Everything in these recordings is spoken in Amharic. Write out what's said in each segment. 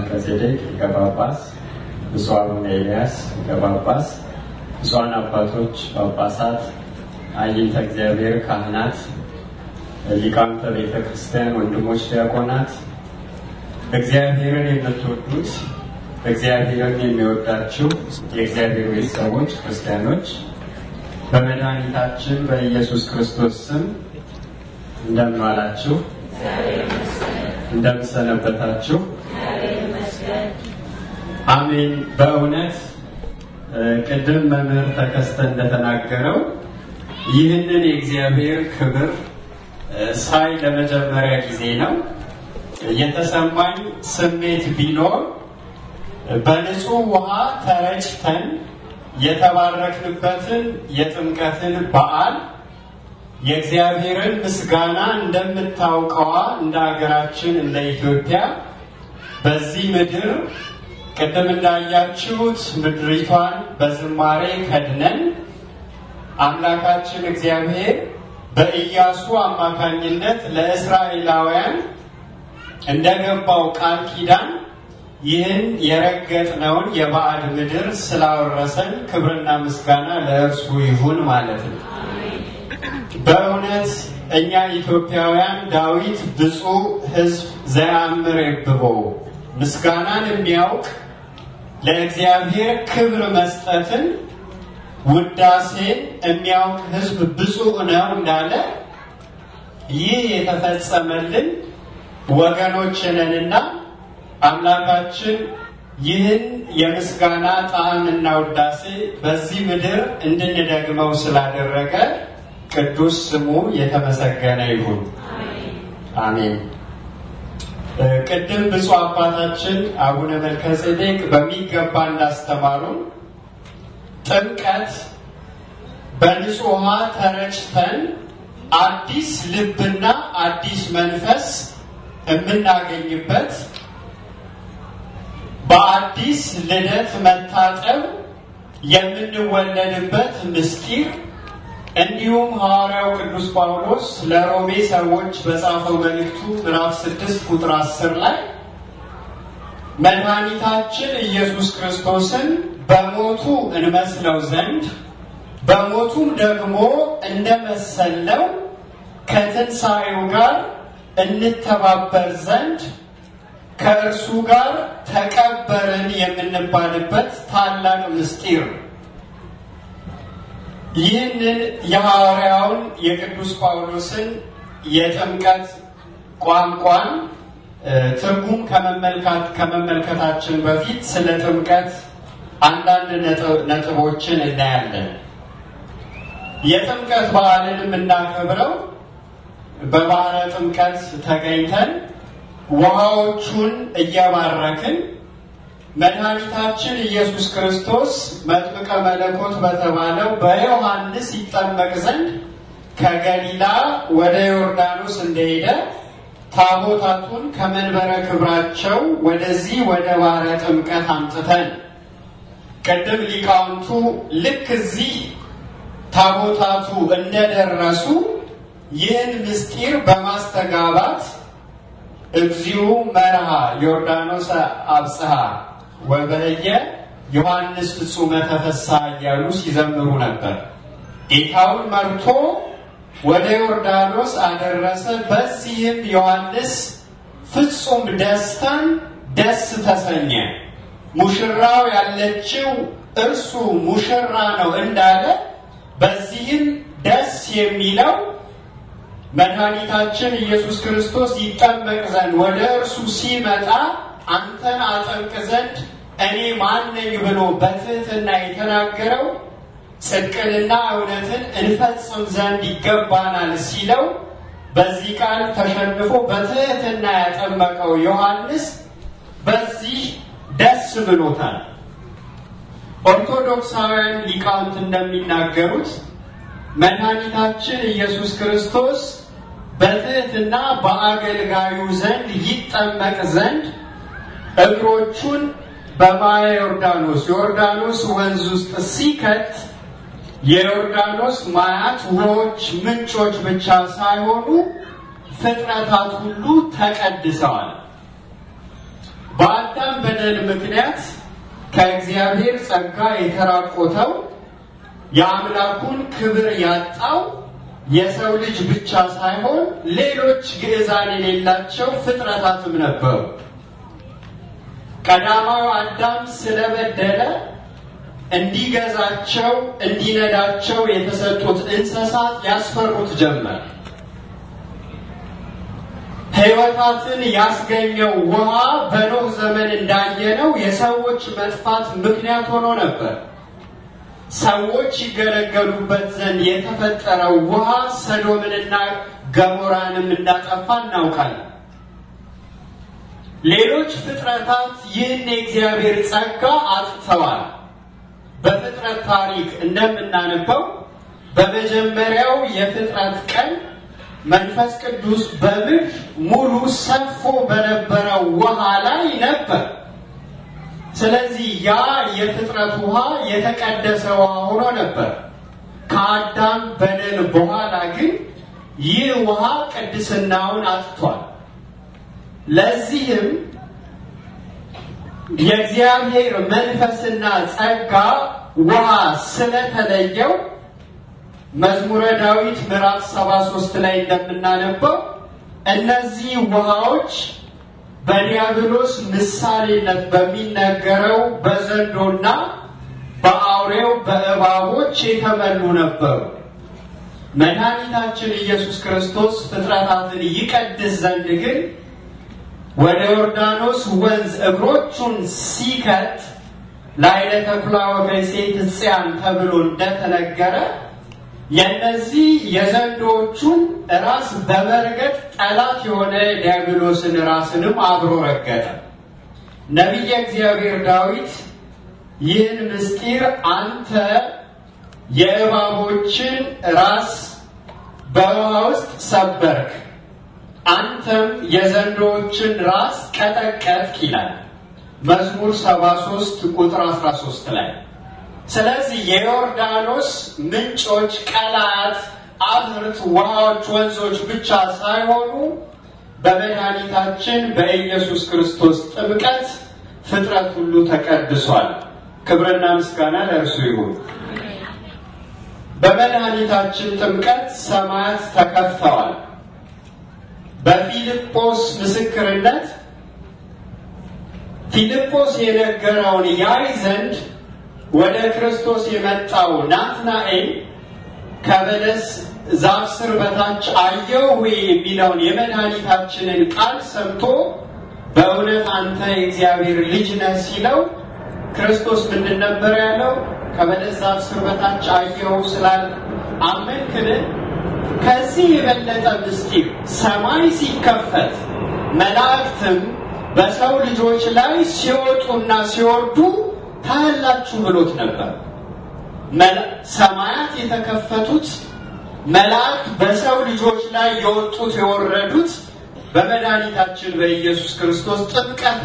መልከ ጼዴቅ ሊቀ ጳጳስ፣ ብፁዕ አቡነ ኤልያስ ሊቀ ጳጳስ፣ ብፁዓን አባቶች ጳጳሳት፣ አይንተ እግዚአብሔር ካህናት፣ ሊቃውንተ ቤተ ክርስቲያን ወንድሞች ዲያቆናት፣ እግዚአብሔርን የምትወዱት እግዚአብሔርን የሚወዳችው የእግዚአብሔር ቤተሰቦች ክርስቲያኖች በመድኃኒታችን በኢየሱስ ክርስቶስ ስም እንደምን ዋላችሁ? እንደምን ሰነበታችሁ? አሜን። በእውነት ቅድም መምህር ተከስተ እንደተናገረው ይህንን የእግዚአብሔር ክብር ሳይ ለመጀመሪያ ጊዜ ነው የተሰማኝ ስሜት ቢኖር በንጹህ ውሃ ተረጭተን የተባረክንበትን የጥምቀትን በዓል የእግዚአብሔርን ምስጋና እንደምታውቀዋ እንደ ሀገራችን እንደ ኢትዮጵያ በዚህ ምድር ቅድም እንዳያችሁት ምድሪቷን በዝማሬ ከድነን አምላካችን እግዚአብሔር በኢያሱ አማካኝነት ለእስራኤላውያን እንደገባው ቃል ኪዳን ይህን የረገጥነውን የባዕድ ምድር ስላወረሰን ክብርና ምስጋና ለእርሱ ይሁን ማለት ነው። በእውነት እኛ ኢትዮጵያውያን ዳዊት ብፁዕ ሕዝብ ዘያምር ይብቦ ምስጋናን የሚያውቅ ለእግዚአብሔር ክብር መስጠትን ውዳሴን የሚያውቅ ሕዝብ ብፁዕ ነው እንዳለ ይህ የተፈጸመልን ወገኖች ነንና አምላካችን ይህን የምስጋና ጣዕምና ውዳሴ በዚህ ምድር እንድንደግመው ስላደረገ ቅዱስ ስሙ የተመሰገነ ይሁን። አሜን። ቅድም ብፁ አባታችን አቡነ መልከጼዴቅ በሚገባ እንዳስተማሩን ጥምቀት በንጹህ ውሃ ተረጭተን አዲስ ልብና አዲስ መንፈስ የምናገኝበት በአዲስ ልደት መታጠብ የምንወለድበት ምስጢር እንዲሁም ሐዋርያው ቅዱስ ጳውሎስ ለሮሜ ሰዎች በጻፈው መልእክቱ ምዕራፍ ስድስት ቁጥር አስር ላይ መድኃኒታችን ኢየሱስ ክርስቶስን በሞቱ እንመስለው ዘንድ በሞቱም ደግሞ እንደመሰለው ከትንሣኤው ጋር እንተባበር ዘንድ ከእርሱ ጋር ተቀበርን የምንባልበት ታላቅ ምስጢር ይህንን የሐዋርያውን የቅዱስ ጳውሎስን የጥምቀት ቋንቋን ትርጉም ከመመልከታችን በፊት ስለ ጥምቀት አንዳንድ ነጥቦችን እናያለን። የጥምቀት በዓልን የምናከብረው በባህረ ጥምቀት ተገኝተን ውሃዎቹን እየባረክን መድኃኒታችን ኢየሱስ ክርስቶስ መጥምቀ መለኮት በተባለው በዮሐንስ ይጠመቅ ዘንድ ከገሊላ ወደ ዮርዳኖስ እንደሄደ ታቦታቱን ከመንበረ ክብራቸው ወደዚህ ወደ ባህረ ጥምቀት አምጥተን ቅድም ሊቃውንቱ ልክ እዚህ ታቦታቱ እንደደረሱ ይህን ምስጢር በማስተጋባት እግዚኡ መርሃ ዮርዳኖስ አብጽሐ ወበየ ዮሐንስ ፍጹመ ተፈሳ እያሉ ሲዘምሩ ነበር። ጌታውን መርቶ ወደ ዮርዳኖስ አደረሰ። በዚህም ዮሐንስ ፍጹም ደስታን ደስ ተሰኘ። ሙሽራው ያለችው እርሱ ሙሽራ ነው እንዳለ በዚህም ደስ የሚለው መድኃኒታችን ኢየሱስ ክርስቶስ ይጠመቅ ዘንድ ወደ እርሱ ሲመጣ አንተን አጸድቅ ዘንድ እኔ ማን ነኝ ብሎ በትህትና የተናገረው ጽድቅንና እውነትን እንፈጽም ዘንድ ይገባናል ሲለው በዚህ ቃል ተሸንፎ በትህትና ያጠመቀው ዮሐንስ በዚህ ደስ ብሎታል። ኦርቶዶክሳውያን ሊቃውንት እንደሚናገሩት መድኃኒታችን ኢየሱስ ክርስቶስ በትህትና በአገልጋዩ ዘንድ ይጠመቅ ዘንድ እግሮቹን በማየ ዮርዳኖስ ዮርዳኖስ ወንዝ ውስጥ ሲከት የዮርዳኖስ ማያት ውሆች፣ ምንጮች ብቻ ሳይሆኑ ፍጥረታት ሁሉ ተቀድሰዋል። በአዳም በደል ምክንያት ከእግዚአብሔር ጸጋ የተራቆተው የአምላኩን ክብር ያጣው የሰው ልጅ ብቻ ሳይሆን ሌሎች ግዕዛን የሌላቸው ፍጥረታትም ነበሩ። ቀዳማው አዳም ስለበደለ እንዲገዛቸው እንዲነዳቸው የተሰጡት እንስሳት ያስፈሩት ጀመር። ሕይወታትን ያስገኘው ውሃ በኖህ ዘመን እንዳየነው የሰዎች መጥፋት ምክንያት ሆኖ ነበር። ሰዎች ይገለገሉበት ዘንድ የተፈጠረው ውሃ ሰዶምንና ገሞራንም እንዳጠፋ እናውቃለን። ሌሎች ፍጥረታት ይህን የእግዚአብሔር ጸጋ አጥተዋል። በፍጥረት ታሪክ እንደምናነበው በመጀመሪያው የፍጥረት ቀን መንፈስ ቅዱስ በምድር ሙሉ ሰፎ በነበረው ውሃ ላይ ነበር። ስለዚህ ያ የፍጥረት ውሃ የተቀደሰ ውሃ ሆኖ ነበር። ከአዳም በደል በኋላ ግን ይህ ውሃ ቅድስናውን አጥቷል። ለዚህም የእግዚአብሔር መንፈስና ጸጋ ውሃ ስለተለየው መዝሙረ ዳዊት ምዕራፍ 73 ላይ እንደምናነበው እነዚህ ውሃዎች በዲያብሎስ ምሳሌነት በሚነገረው በዘንዶና በአውሬው በእባቦች የተመሉ ነበሩ። መድኃኒታችን ኢየሱስ ክርስቶስ ፍጥረታትን ይቀድስ ዘንድ ግን ወደ ዮርዳኖስ ወንዝ እግሮቹን ሲከት ላይለ ተኩላ ወገሴት ሕፅያን ተብሎ እንደተነገረ የእነዚህ የዘንዶቹን ራስ በመርገጥ ጠላት የሆነ ዲያብሎስን ራስንም አብሮ ረገጠ። ነቢየ እግዚአብሔር ዳዊት ይህን ምስጢር አንተ የእባቦችን ራስ በውሃ ውስጥ ሰበርክ አንተም የዘንዶዎችን ራስ ቀጠቀጥክ ይላል መዝሙር 73 ቁጥር 13 ላይ። ስለዚህ የዮርዳኖስ ምንጮች፣ ቀላት፣ አብርት፣ ውሃዎች፣ ወንዞች ብቻ ሳይሆኑ በመድኃኒታችን በኢየሱስ ክርስቶስ ጥምቀት ፍጥረት ሁሉ ተቀድሷል። ክብርና ምስጋና ለእርሱ ይሁን። በመድኃኒታችን ጥምቀት ሰማያት ተከፍተዋል። በፊልጶስ ምስክርነት ፊልጶስ የነገረውን ያይ ዘንድ ወደ ክርስቶስ የመጣው ናትናኤል ከበለስ ዛፍ ስር በታች አየሁ የሚለውን የመድኃኒታችንን ቃል ሰምቶ በእውነት አንተ የእግዚአብሔር ልጅ ነህ ሲለው ክርስቶስ ምንድን ነበር ያለው? ከበለስ ዛፍ ስር በታች አየሁ ስላል አመንክንን ከዚህ የበለጠ ምስጢር ሰማይ ሲከፈት መላእክትም በሰው ልጆች ላይ ሲወጡና ሲወርዱ ታያላችሁ ብሎት ነበር። ሰማያት የተከፈቱት መላእክት በሰው ልጆች ላይ የወጡት የወረዱት በመድኃኒታችን በኢየሱስ ክርስቶስ ጥምቀት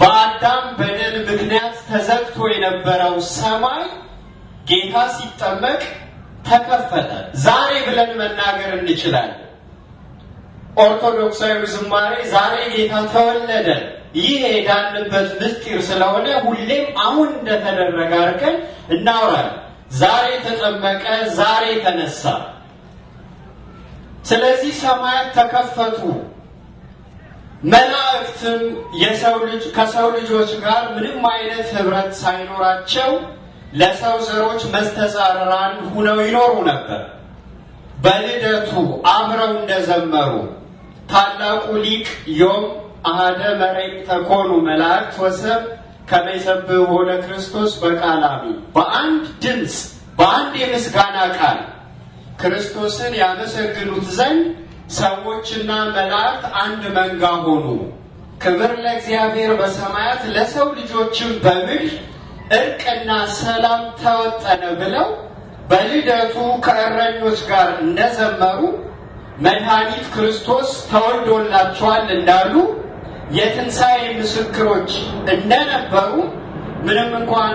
በአዳም በደል ምክንያት ተዘግቶ የነበረው ሰማይ ጌታ ሲጠመቅ ተከፈተ። ዛሬ ብለን መናገር እንችላለን። ኦርቶዶክሳዊ ዝማሬ ዛሬ ጌታ ተወለደ፣ ይህ የዳንበት ምስጢር ስለሆነ ሁሌም አሁን እንደተደረገ አድርገን እናውራለን። ዛሬ ተጠመቀ፣ ዛሬ ተነሳ። ስለዚህ ሰማያት ተከፈቱ፣ መላእክትም የሰው ልጅ ከሰው ልጆች ጋር ምንም አይነት ህብረት ሳይኖራቸው ለሰው ዘሮች መስተጻርራን ሁነው ይኖሩ ነበር። በልደቱ አብረው እንደዘመሩ ታላቁ ሊቅ ዮም አህደ መሬት ተኮኑ መላእክት ወሰብ ከመይሰብ ወደ ክርስቶስ በቃላሚ በአንድ ድምፅ በአንድ የምስጋና ቃል ክርስቶስን ያመሰግኑት ዘንድ ሰዎችና መላእክት አንድ መንጋ ሆኑ። ክብር ለእግዚአብሔር በሰማያት ለሰው ልጆችም በምድር እርቅና ሰላም ተወጠነ ብለው በልደቱ ከእረኞች ጋር እንደዘመሩ መድኃኒት ክርስቶስ ተወልዶላቸዋል እንዳሉ የትንሣኤ ምስክሮች እንደነበሩ ምንም እንኳን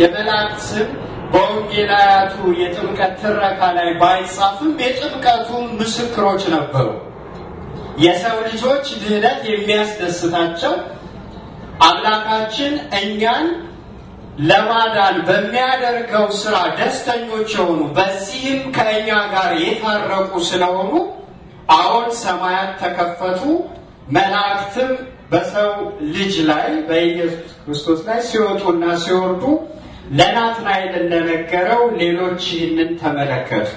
የመላእክት ስም በወንጌላያቱ የጥምቀት ትረካ ላይ ባይጻፍም የጥምቀቱ ምስክሮች ነበሩ። የሰው ልጆች ድህነት የሚያስደስታቸው አምላካችን እኛን ለማዳን በሚያደርገው ስራ ደስተኞች የሆኑ በዚህም ከእኛ ጋር የታረቁ ስለሆኑ አሁን ሰማያት ተከፈቱ፣ መላእክትም በሰው ልጅ ላይ በኢየሱስ ክርስቶስ ላይ ሲወጡና ሲወርዱ ለናትናኤል እንደነገረው ሌሎች ይህንን ተመለከቱ።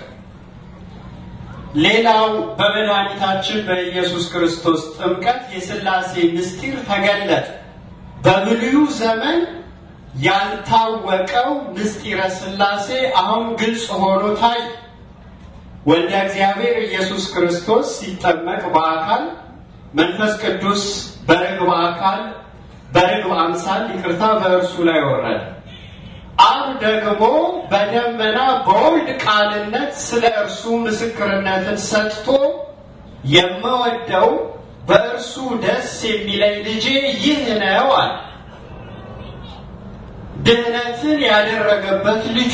ሌላው በመድኃኒታችን በኢየሱስ ክርስቶስ ጥምቀት የስላሴ ምስጢር ተገለጠ። በብሉይ ዘመን ያልታወቀው ምስጢረ ስላሴ አሁን ግልጽ ሆኖ ታይ ወልደ እግዚአብሔር ኢየሱስ ክርስቶስ ሲጠመቅ በአካል መንፈስ ቅዱስ በርግብ አካል በርግብ አምሳል ይቅርታ በእርሱ ላይ ወረደ። አብ ደግሞ በደመና በወልድ ቃልነት ስለ እርሱ ምስክርነትን ሰጥቶ የምወደው በእርሱ ደስ የሚለኝ ልጄ ይህ ነው አለ። ድህነትን ያደረገበት ልጁ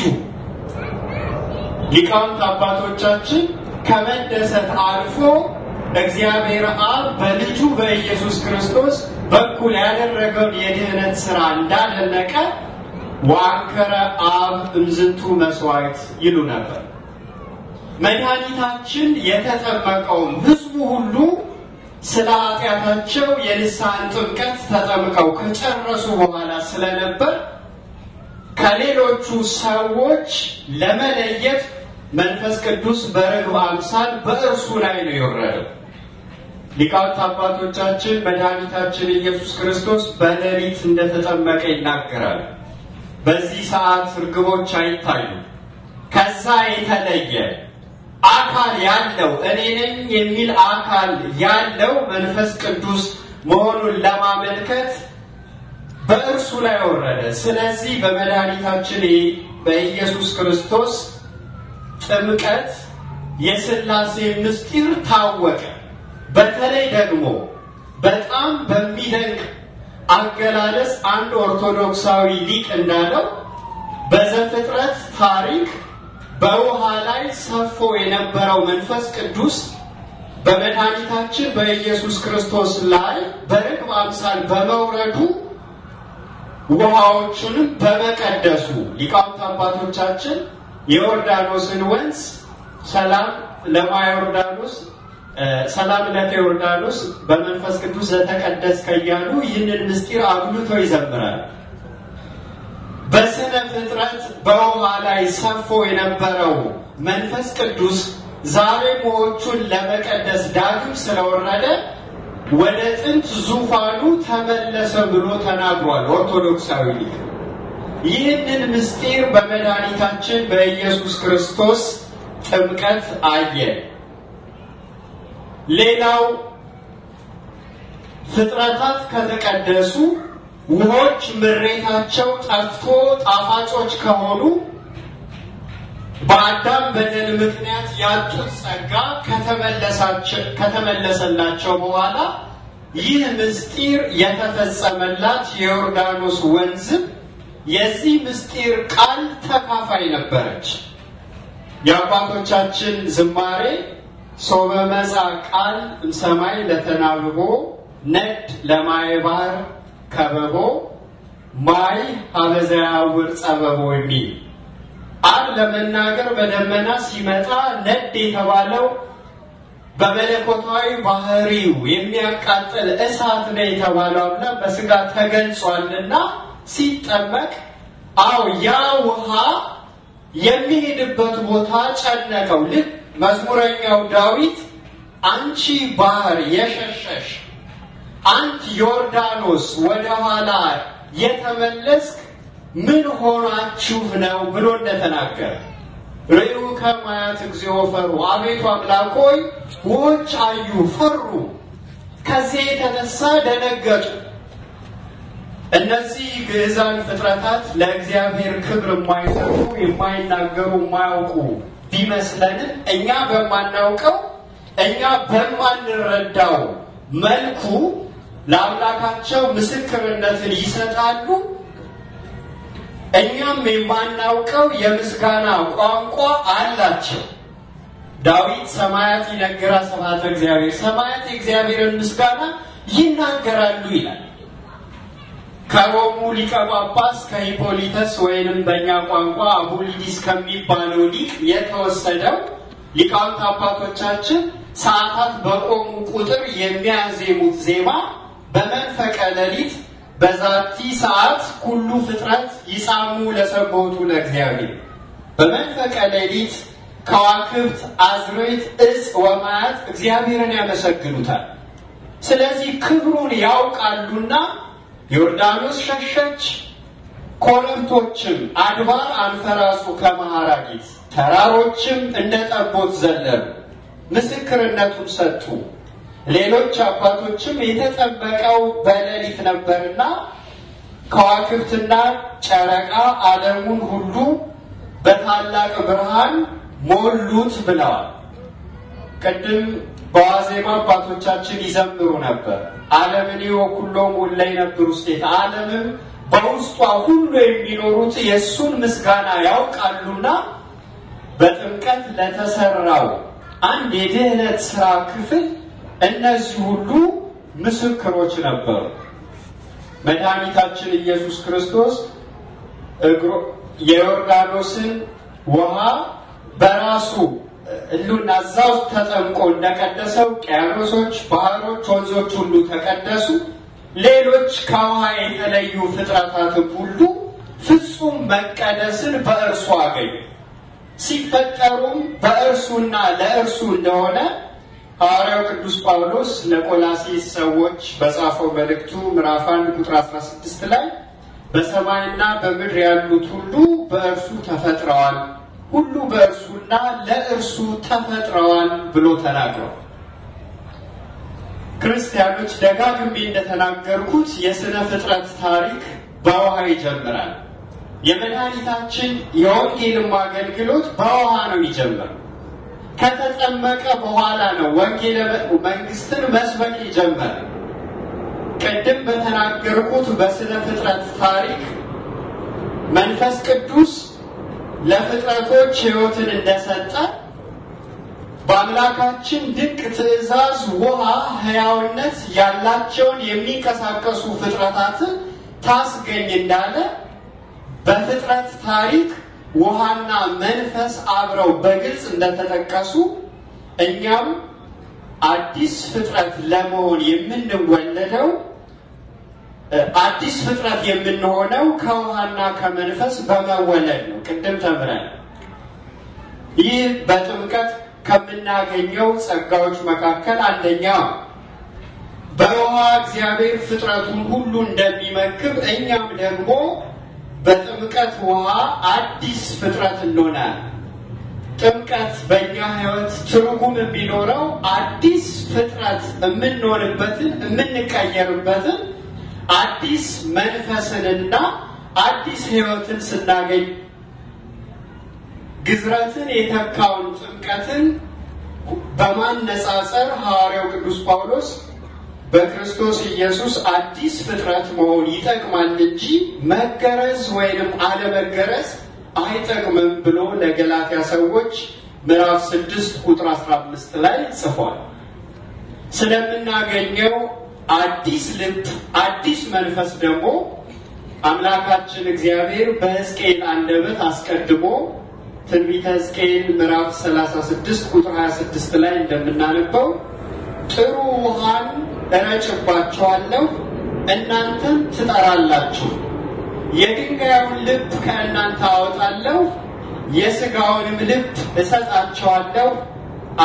ሊቃውንት አባቶቻችን ከመደሰት አልፎ እግዚአብሔር አብ በልጁ በኢየሱስ ክርስቶስ በኩል ያደረገውን የድህነት ስራ እንዳደነቀ ዋከረ አብ እምዝንቱ መስዋዕት ይሉ ነበር። መድኃኒታችን የተጠመቀውም ህዝቡ ሁሉ ስለ ኃጢአታቸው የንስሐን ጥምቀት ተጠምቀው ከጨረሱ በኋላ ስለነበር ከሌሎቹ ሰዎች ለመለየት መንፈስ ቅዱስ በርግብ አምሳል በእርሱ ላይ ነው የወረደው። ሊቃውንት አባቶቻችን መድኃኒታችን ኢየሱስ ክርስቶስ በሌሊት እንደተጠመቀ ይናገራል። በዚህ ሰዓት ርግቦች አይታዩም። ከዛ የተለየ አካል ያለው እኔ ነኝ የሚል አካል ያለው መንፈስ ቅዱስ መሆኑን ለማመልከት በእርሱ ላይ ወረደ። ስለዚህ በመድኃኒታችን በኢየሱስ ክርስቶስ ጥምቀት የስላሴ ምስጢር ታወቀ። በተለይ ደግሞ በጣም በሚደንቅ አገላለጽ አንድ ኦርቶዶክሳዊ ሊቅ እንዳለው በዘፍጥረት ታሪክ በውሃ ላይ ሰፎ የነበረው መንፈስ ቅዱስ በመድኃኒታችን በኢየሱስ ክርስቶስ ላይ በርግብ አምሳል በመውረዱ ውሃዎቹንም በመቀደሱ ሊቃውንት አባቶቻችን የዮርዳኖስን ወንዝ ሰላም ለማዮርዳኖስ ዮርዳኖስ ሰላም ለተዮርዳኖስ በመንፈስ ቅዱስ ለተቀደስ ከያሉ ይህንን ምስጢር አጉልቶ ይዘምራል። በስነ ፍጥረት በውሃ ላይ ሰፎ የነበረው መንፈስ ቅዱስ ዛሬ ውሃዎቹን ለመቀደስ ዳግም ስለወረደ ወደ ጥንት ዙፋኑ ተመለሰ ብሎ ተናግሯል። ኦርቶዶክሳዊ ሊቅ ይህንን ምስጢር በመድኃኒታችን በኢየሱስ ክርስቶስ ጥምቀት አየ። ሌላው ፍጥረታት ከተቀደሱ ውሆች ምሬታቸው ጠፍቶ ጣፋጮች ከሆኑ በአዳም በደል ምክንያት ያጡት ጸጋ ከተመለሰላቸው በኋላ ይህ ምስጢር የተፈጸመላት የዮርዳኖስ ወንዝም የዚህ ምስጢር ቃል ተካፋይ ነበረች። የአባቶቻችን ዝማሬ ሶበ መጻ ቃል ሰማይ ለተናብቦ ነድ ለማየ ባህር ከበቦ ማይ ሀበዘያውር ጸበቦ የሚል አብ ለመናገር በደመና ሲመጣ ነድ የተባለው በመለኮታዊ ባህሪው የሚያቃጥል እሳት ነው የተባለው አምላክ በስጋ ተገልጿልና ሲጠመቅ አው ያ ውሃ የሚሄድበት ቦታ ጨነቀው። ልክ መዝሙረኛው ዳዊት አንቺ ባህር የሸሸሽ አንት ዮርዳኖስ ወደኋላ የተመለስክ ምን ሆናችሁ ነው ብሎ እንደተናገረ ርዕዩከ ከማያት እግዚኦ ፈሩ፣ አቤቱ አምላክ ሆይ ውኆች አዩ ፈሩ፣ ከዚህ የተነሳ ደነገጡ። እነዚህ ግዕዛን ፍጥረታት ለእግዚአብሔር ክብር የማይሰጡ የማይናገሩ፣ የማያውቁ ቢመስለንም እኛ በማናውቀው እኛ በማንረዳው መልኩ ለአምላካቸው ምስክርነትን ይሰጣሉ። እኛም የማናውቀው የምስጋና ቋንቋ አላቸው። ዳዊት ሰማያት ይነግራ ስብሐተ እግዚአብሔር፣ ሰማያት የእግዚአብሔርን ምስጋና ይናገራሉ ይላል። ከሮሙ ሊቀ ጳጳስ ከሂፖሊተስ ወይንም በእኛ ቋንቋ አቡሊዲስ ከሚባለው ሊቅ የተወሰደው ሊቃውንት አባቶቻችን ሰዓታት በቆሙ ቁጥር የሚያዜሙት ዜማ በመንፈቀ ሌሊት በዛቲ ሰዓት ሁሉ ፍጥረት ይሳሙ ለሰቦቱ ለእግዚአብሔር በመንፈቀ ሌሊት ከዋክብት፣ አዝሬት፣ እጽ ወማያት እግዚአብሔርን ያመሰግኑታል። ስለዚህ ክብሩን ያውቃሉና ዮርዳኖስ ሸሸች፣ ኮረብቶችም አድባር አንፈራሱ ከመሐራጊት ተራሮችም እንደ ጠቦት ዘለሉ፣ ምስክርነቱን ሰጡ። ሌሎች አባቶችም የተጠበቀው በሌሊት ነበርና ከዋክብትና ጨረቃ ዓለሙን ሁሉ በታላቅ ብርሃን ሞሉት ብለዋል። ቅድም በዋዜማ አባቶቻችን ይዘምሩ ነበር። ዓለምኔ ወኩሎሙ እለይነብር ውስጤት፣ ዓለምም በውስጧ ሁሉ የሚኖሩት የእሱን ምስጋና ያውቃሉና በጥምቀት ለተሰራው አንድ የደህነት ስራ ክፍል እነዚህ ሁሉ ምስክሮች ነበሩ። መድኃኒታችን ኢየሱስ ክርስቶስ የዮርዳኖስን ውሃ በራሱ ሁሉና እዛው ተጠምቆ እንደቀደሰው ቅያኖሶች፣ ባህሮች፣ ወንዞች ሁሉ ተቀደሱ። ሌሎች ከውሃ የተለዩ ፍጥረታትም ሁሉ ፍጹም መቀደስን በእርሱ አገኙ። ሲፈጠሩም በእርሱና ለእርሱ እንደሆነ ሐዋርያው ቅዱስ ጳውሎስ ለቆላሴስ ሰዎች በጻፈው መልእክቱ ምዕራፍ 1 ቁጥር 16 ላይ በሰማይና በምድር ያሉት ሁሉ በእርሱ ተፈጥረዋል፣ ሁሉ በእርሱና ለእርሱ ተፈጥረዋል ብሎ ተናግሯል። ክርስቲያኖች ደጋግሜ እንደተናገርኩት የሥነ ፍጥረት ታሪክ በውሃ ይጀምራል። የመድኃኒታችን የወንጌልም አገልግሎት በውሃ ነው ይጀምራል። ከተጠመቀ በኋላ ነው ወንጌል መንግስትን መስበክ የጀመረ። ቅድም በተናገርኩት በስነ ፍጥረት ታሪክ መንፈስ ቅዱስ ለፍጥረቶች ሕይወትን እንደሰጠ በአምላካችን ድንቅ ትእዛዝ ውሃ ህያውነት ያላቸውን የሚንቀሳቀሱ ፍጥረታትን ታስገኝ እንዳለ በፍጥረት ታሪክ ውሃና መንፈስ አብረው በግልጽ እንደተጠቀሱ እኛም አዲስ ፍጥረት ለመሆን የምንወለደው አዲስ ፍጥረት የምንሆነው ከውሃና ከመንፈስ በመወለድ ነው። ቅድም ተምረን ይህ በጥምቀት ከምናገኘው ጸጋዎች መካከል አንደኛው በውሃ እግዚአብሔር ፍጥረቱን ሁሉ እንደሚመግብ እኛም ደግሞ በጥምቀት ውሃ አዲስ ፍጥረት እንሆናል። ጥምቀት በእኛ ህይወት ትርጉም የሚኖረው አዲስ ፍጥረት የምንሆንበትን የምንቀየርበትን አዲስ መንፈስንና አዲስ ህይወትን ስናገኝ ግዝረትን የተካውን ጥምቀትን በማነጻጸር ሐዋርያው ቅዱስ ጳውሎስ በክርስቶስ ኢየሱስ አዲስ ፍጥረት መሆን ይጠቅማል እንጂ መገረዝ ወይንም አለመገረዝ አይጠቅምም ብሎ ለገላትያ ሰዎች ምዕራፍ 6 ቁጥር 15 ላይ ጽፏል። ስለምናገኘው አዲስ ልብ፣ አዲስ መንፈስ ደግሞ አምላካችን እግዚአብሔር በሕዝቅኤል አንደበት አስቀድሞ ትንቢተ ሕዝቅኤል ምዕራፍ 36 ቁጥር 26 ላይ እንደምናነበው ጥሩ ውሃን እረጭባቸዋለሁ፣ እናንተም ትጠራላችሁ። የድንጋዩን ልብ ከእናንተ አወጣለሁ፣ የስጋውንም ልብ እሰጣቸዋለሁ።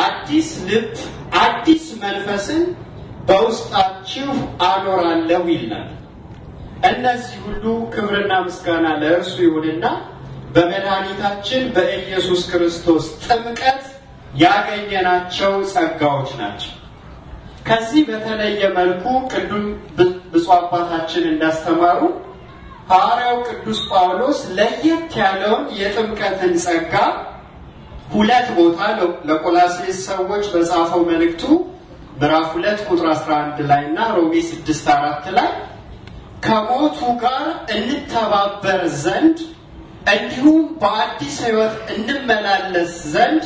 አዲስ ልብ አዲስ መንፈስን በውስጣችሁ አኖራለሁ ይላል። እነዚህ ሁሉ ክብርና ምስጋና ለእርሱ ይሁንና በመድኃኒታችን በኢየሱስ ክርስቶስ ጥምቀት ያገኘናቸው ጸጋዎች ናቸው። ከዚህ በተለየ መልኩ ቅዱም ብፁዕ አባታችን እንዳስተማሩ ሐዋርያው ቅዱስ ጳውሎስ ለየት ያለውን የጥምቀትን ጸጋ ሁለት ቦታ ለቆላሴስ ሰዎች በጻፈው መልእክቱ ምዕራፍ ሁለት ቁጥር 11 ላይ እና ሮሜ 6 4 ላይ ከሞቱ ጋር እንተባበር ዘንድ እንዲሁም በአዲስ ሕይወት እንመላለስ ዘንድ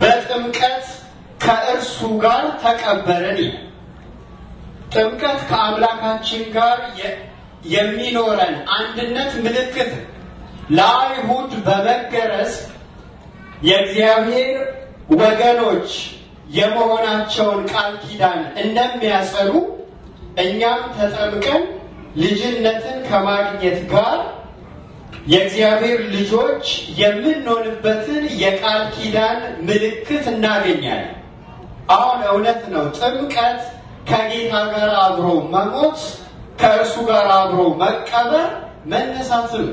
በጥምቀት ከእርሱ ጋር ተቀበረን ይላል። ጥምቀት ከአምላካችን ጋር የሚኖረን አንድነት ምልክት ለአይሁድ በመገረዝ የእግዚአብሔር ወገኖች የመሆናቸውን ቃል ኪዳን እንደሚያጸኑ እኛም ተጠምቀን ልጅነትን ከማግኘት ጋር የእግዚአብሔር ልጆች የምንሆንበትን የቃል ኪዳን ምልክት እናገኛለን። አሁን እውነት ነው። ጥምቀት ከጌታ ጋር አብሮ መሞት፣ ከእርሱ ጋር አብሮ መቀበር፣ መነሳት ነው።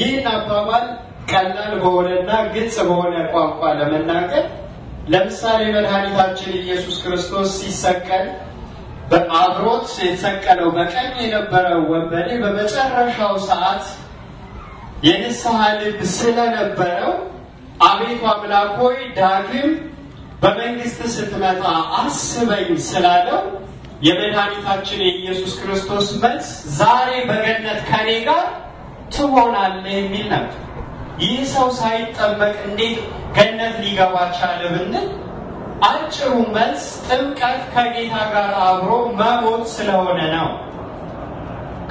ይህን አባባል ቀላል በሆነና ግልጽ በሆነ ቋንቋ ለመናገር ለምሳሌ መድኃኒታችን ኢየሱስ ክርስቶስ ሲሰቀል በአብሮት የተሰቀለው በቀኝ የነበረው ወንበዴ በመጨረሻው ሰዓት የንስሐ ልብ ስለነበረው አቤቱ አምላክ ሆይ ዳግም በመንግስት ስትመጣ አስበኝ ስላለው የመድኃኒታችን የኢየሱስ ክርስቶስ መልስ ዛሬ በገነት ከኔ ጋር ትሆናለህ የሚል ነበር። ይህ ሰው ሳይጠበቅ እንዴት ገነት ሊገባ ቻለ ብንል አጭሩ መልስ ጥምቀት ከጌታ ጋር አብሮ መሞት ስለሆነ ነው።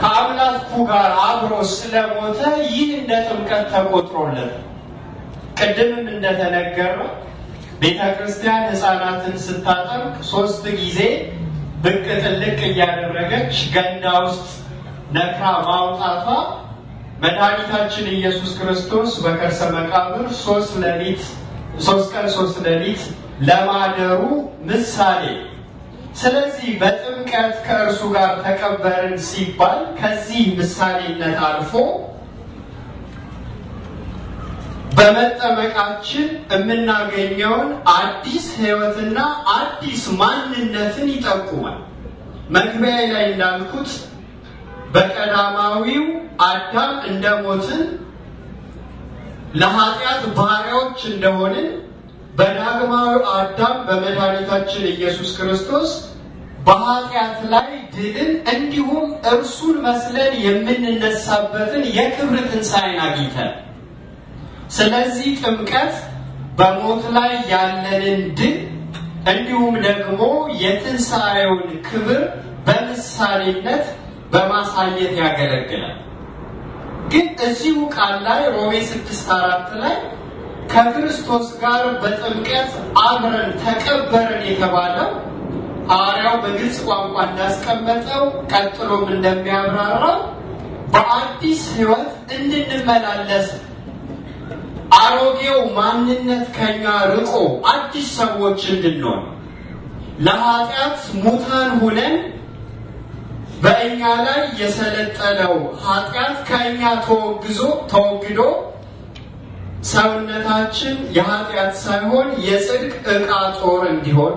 ከአምላኩ ጋር አብሮ ስለሞተ ይህ እንደ ጥምቀት ተቆጥሮለት ቅድምም እንደተነገረው ቤተ ክርስቲያን ህፃናትን ስታጠምቅ ሶስት ጊዜ ብቅ ጥልቅ እያደረገች ገንዳ ውስጥ ነክራ ማውጣቷ መድኃኒታችን ኢየሱስ ክርስቶስ በከርሰ መቃብር ሶስት ሌሊት ሶስት ቀን ሶስት ሌሊት ለማደሩ ምሳሌ። ስለዚህ በጥምቀት ከእርሱ ጋር ተቀበርን ሲባል ከዚህ ምሳሌነት አልፎ በመጠመቃችን የምናገኘውን አዲስ ህይወትና አዲስ ማንነትን ይጠቁማል። መግቢያ ላይ እንዳልኩት በቀዳማዊው አዳም እንደሞትን ለኃጢአት ባሪያዎች እንደሆንን በዳግማዊ አዳም በመድኃኒታችን ኢየሱስ ክርስቶስ በኃጢአት ላይ ድልን እንዲሁም እርሱን መስለን የምንነሳበትን የክብር ትንሣኤን አግኝተናል። ስለዚህ ጥምቀት በሞት ላይ ያለንን ድል እንዲሁም ደግሞ የትንሣኤውን ክብር በምሳሌነት በማሳየት ያገለግላል። ግን እዚሁ ቃል ላይ ሮሜ ስድስት አራት ላይ ከክርስቶስ ጋር በጥምቀት አብረን ተቀበርን የተባለው ሐዋርያው በግልጽ ቋንቋ እንዳስቀመጠው ቀጥሎም እንደሚያብራራው በአዲስ ሕይወት እንድንመላለስ አሮጌው ማንነት ከኛ ርቆ አዲስ ሰዎች እንድንሆን ለኃጢአት ሙታን ሁነን በእኛ ላይ የሰለጠነው ኃጢአት ከእኛ ተወግዞ ተወግዶ ሰውነታችን የኃጢአት ሳይሆን የጽድቅ ዕቃ ጦር እንዲሆን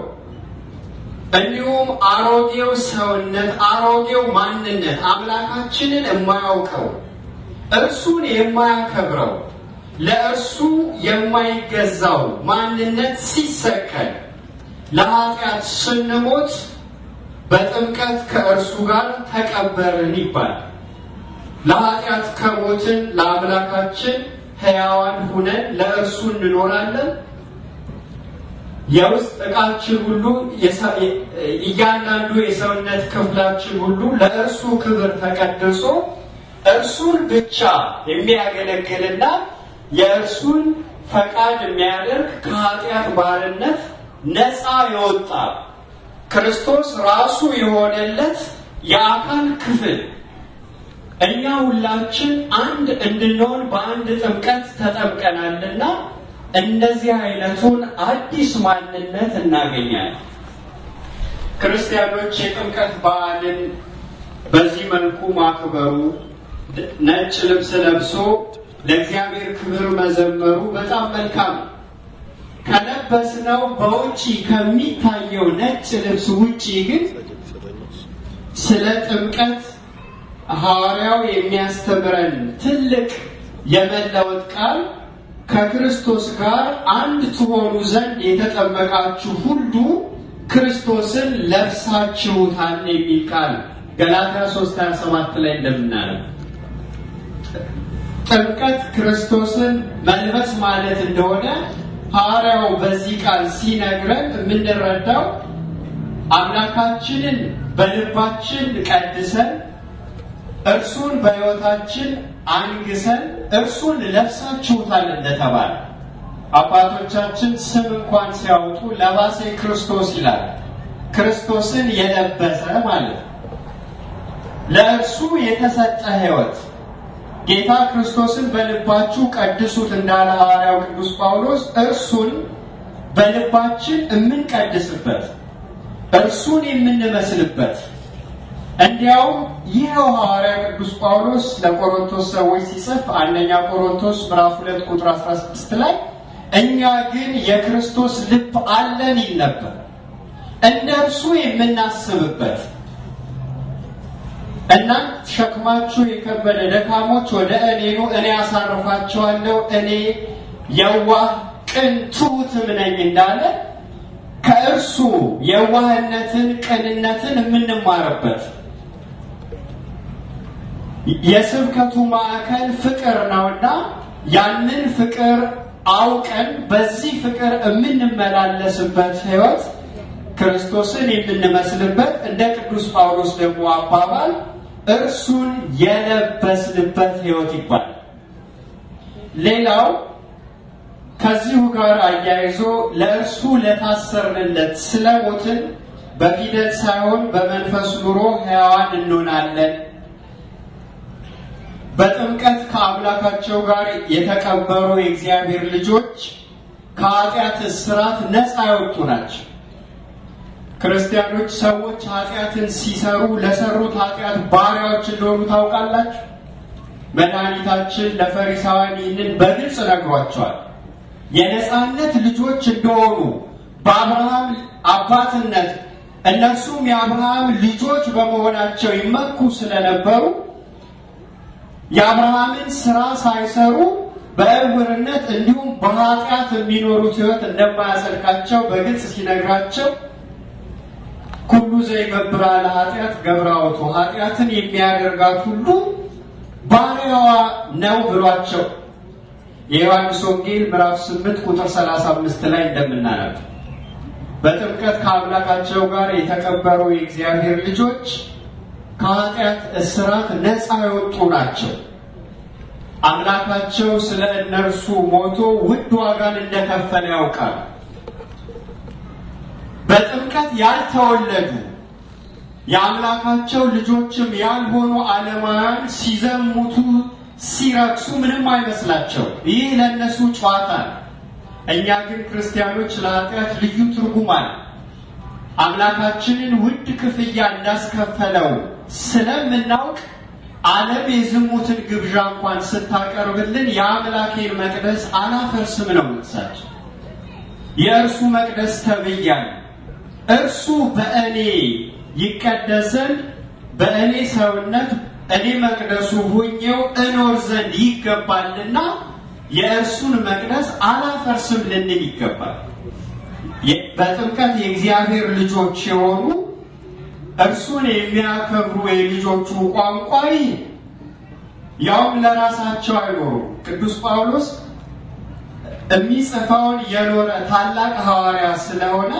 እንዲሁም አሮጌው ሰውነት አሮጌው ማንነት አምላካችንን የማያውቀው እርሱን የማያከብረው ለእርሱ የማይገዛው ማንነት ሲሰቀል ለኃጢአት ስንሞት በጥምቀት ከእርሱ ጋር ተቀበርን ይባላል። ለኃጢአት ከሞትን ለአምላካችን ሕያዋን ሁነን ለእርሱ እንኖራለን። የውስጥ እቃችን ሁሉ እያንዳንዱ የሰውነት ክፍላችን ሁሉ ለእርሱ ክብር ተቀድሶ እርሱን ብቻ የሚያገለግልና የእርሱን ፈቃድ የሚያደርግ ከኃጢአት ባርነት ነፃ የወጣ ክርስቶስ ራሱ የሆነለት የአካል ክፍል እኛ ሁላችን አንድ እንድንሆን በአንድ ጥምቀት ተጠምቀናልና እንደዚህ አይነቱን አዲስ ማንነት እናገኛለን። ክርስቲያኖች የጥምቀት በዓልን በዚህ መልኩ ማክበሩ ነጭ ልብስ ለብሶ ለእግዚአብሔር ክብር መዘመሩ በጣም መልካም ነው። ከለበስነው በውጪ ከሚታየው ነጭ ልብስ ውጪ ግን ስለ ጥምቀት ሐዋርያው የሚያስተምረን ትልቅ የመለወጥ ቃል ከክርስቶስ ጋር አንድ ትሆኑ ዘንድ የተጠመቃችሁ ሁሉ ክርስቶስን ለብሳችሁታል የሚል ቃል ገላትያ 3 27 ላይ እንደምናለው ጥምቀት ክርስቶስን መልበስ ማለት እንደሆነ ሐዋርያው በዚህ ቃል ሲነግረን የምንረዳው አምላካችንን በልባችን ቀድሰን እርሱን በሕይወታችን አንግሰን እርሱን ለብሳችሁታል እንደተባለ አባቶቻችን ስም እንኳን ሲያወጡ ለባሴ ክርስቶስ ይላል። ክርስቶስን የለበሰ ማለት ነው። ለእርሱ የተሰጠ ሕይወት ጌታ ክርስቶስን በልባችሁ ቀድሱት እንዳለ ሐዋርያው ቅዱስ ጳውሎስ እርሱን በልባችን የምንቀድስበት እርሱን የምንመስልበት እንዲያውም ይኸው ሐዋርያ ቅዱስ ጳውሎስ ለቆሮንቶስ ሰዎች ሲጽፍ አንደኛ ቆሮንቶስ ምዕራፍ 2 ቁጥር 16 ላይ እኛ ግን የክርስቶስ ልብ አለን ይል ነበር። እንደ እርሱ የምናስብበት እናንት ሸክማችሁ የከበደ ደካሞች ወደ እኔ ኑ፣ እኔ አሳርፋችኋለሁ፣ እኔ የዋህ ቅን ትሑትም ነኝ እንዳለ ከእርሱ የዋህነትን ቅንነትን የምንማርበት የስብከቱ ማዕከል ፍቅር ነውና ያንን ፍቅር አውቀን በዚህ ፍቅር የምንመላለስበት ህይወት ክርስቶስን የምንመስልበት እንደ ቅዱስ ጳውሎስ ደግሞ አባባል እርሱን የለበስንበት ህይወት ይባላል። ሌላው ከዚሁ ጋር አያይዞ ለእርሱ ለታሰርንለት ስለሞትን በፊደል ሳይሆን በመንፈስ ኑሮ ሕያዋን እንሆናለን። በጥምቀት ከአምላካቸው ጋር የተቀበሩ የእግዚአብሔር ልጆች ከኃጢአት እስራት ነፃ የወጡ ናቸው። ክርስቲያኖች ሰዎች ኃጢአትን ሲሰሩ ለሰሩት ኃጢአት ባሪያዎች እንደሆኑ ታውቃላችሁ። መድኃኒታችን ለፈሪሳውያን ይህንን በግልጽ ነግሯቸዋል። የነፃነት ልጆች እንደሆኑ በአብርሃም አባትነት እነሱም የአብርሃም ልጆች በመሆናቸው ይመኩ ስለነበሩ የአብርሃምን ስራ ሳይሰሩ በእውርነት እንዲሁም በኃጢአት የሚኖሩት ህይወት እንደማያጸድቃቸው በግልጽ ሲነግራቸው ኩሉ ዘይመብራ ለኃጢአት ገብራውቱ ኃጢአትን የሚያደርጋት ሁሉ ባሪያዋ ነው ብሏቸው የዮሐንስ ወንጌል ምዕራፍ 8 ቁጥር 35 ላይ እንደምናነብ በጥምቀት ከአምላካቸው ጋር የተቀበሩ የእግዚአብሔር ልጆች ከኃጢአት እስራት ነፃ የወጡ ናቸው። አምላካቸው ስለ እነርሱ ሞቶ ውድ ዋጋን እንደከፈለ ያውቃል። በጥምቀት ያልተወለዱ የአምላካቸው ልጆችም ያልሆኑ ዓለማውያን ሲዘሙቱ ሲረክሱ ምንም አይመስላቸው። ይህ ለእነሱ ጨዋታ ነው። እኛ ግን ክርስቲያኖች ለኃጢአት ልዩ ትርጉም አለ። አምላካችንን ውድ ክፍያ እንዳስከፈለው ስለምናውቅ ዓለም የዝሙትን ግብዣ እንኳን ስታቀርብልን የአምላኬን መቅደስ አላፈርስም ነው ምሳቸው። የእርሱ መቅደስ ተብያለሁ እርሱ በእኔ ይቀደስን በእኔ ሰውነት እኔ መቅደሱ ሆኘው እኖር ዘንድ ይገባልና የእርሱን መቅደስ አላፈርስም ልንል ይገባል። በጥምቀት የእግዚአብሔር ልጆች የሆኑ እርሱን የሚያከብሩ የልጆቹ ቋንቋ ያውም ለራሳቸው አይኖሩም። ቅዱስ ጳውሎስ የሚጽፈውን የኖረ ታላቅ ሐዋርያ ስለሆነ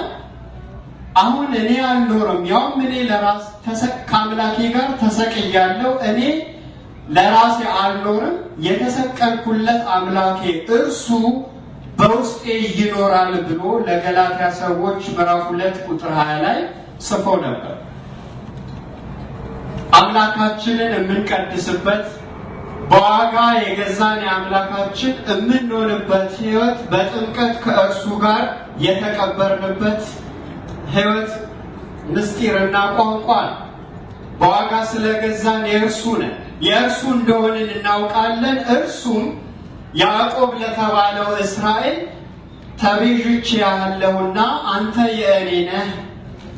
አሁን እኔ አልኖርም፣ ያውም እኔ ለራስ ከአምላኬ ጋር ተሰቅያለሁ። እኔ ለራሴ አልኖርም፣ የተሰቀልኩለት አምላኬ እርሱ በውስጤ ይኖራል ብሎ ለገላትያ ሰዎች ምዕራፍ ሁለት ቁጥር ሀያ ላይ ጽፎ ነበር። አምላካችንን የምንቀድስበት በዋጋ የገዛን የአምላካችን የምንሆንበት ህይወት በጥምቀት ከእርሱ ጋር የተቀበርንበት ሕይወት ምስጢርና ቋንቋ ነው። በዋጋ ስለገዛን የእርሱ ነን። የእርሱ እንደሆንን እናውቃለን። እርሱም ያዕቆብ ለተባለው እስራኤል ተቤዥች ያለሁና አንተ የእኔ ነህ፣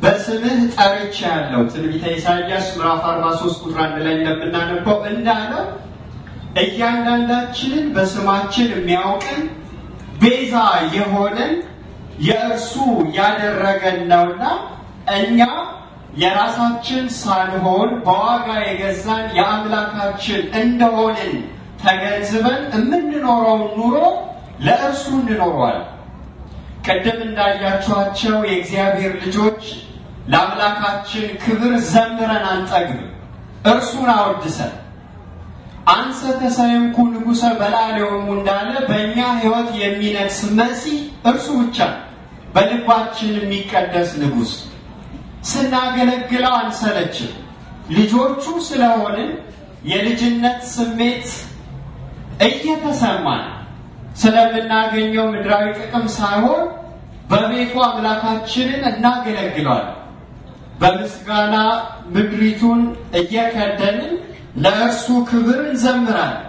በስምህ ጠርቼ ያለው ትንቢተ ኢሳያስ ምዕራፍ 43 ቁጥር አንድ ላይ እንደምናነበው እንዳለው እያንዳንዳችንን በስማችን የሚያውቅን ቤዛ የሆነን የእርሱ ያደረገን ነውና እኛ የራሳችን ሳንሆን በዋጋ የገዛን የአምላካችን እንደሆንን ተገንዝበን የምንኖረውን ኑሮ ለእርሱ እንኖረዋል። ቅድም እንዳያችኋቸው የእግዚአብሔር ልጆች ለአምላካችን ክብር ዘምረን አንጠግብ፣ እርሱን አወድሰን አንሰ ተሰየምኩ ንጉሰ በልዓሌዎሙ እንዳለ በእኛ ሕይወት የሚነግስ መሲህ እርሱ ብቻ ነው። በልባችን የሚቀደስ ንጉሥ ስናገለግለው አንሰለችም። ልጆቹ ስለሆንን የልጅነት ስሜት እየተሰማን ስለምናገኘው ምድራዊ ጥቅም ሳይሆን በቤቱ አምላካችንን እናገለግለዋለን። በምስጋና ምድሪቱን እየከደንን ለእርሱ ክብር እንዘምራለን።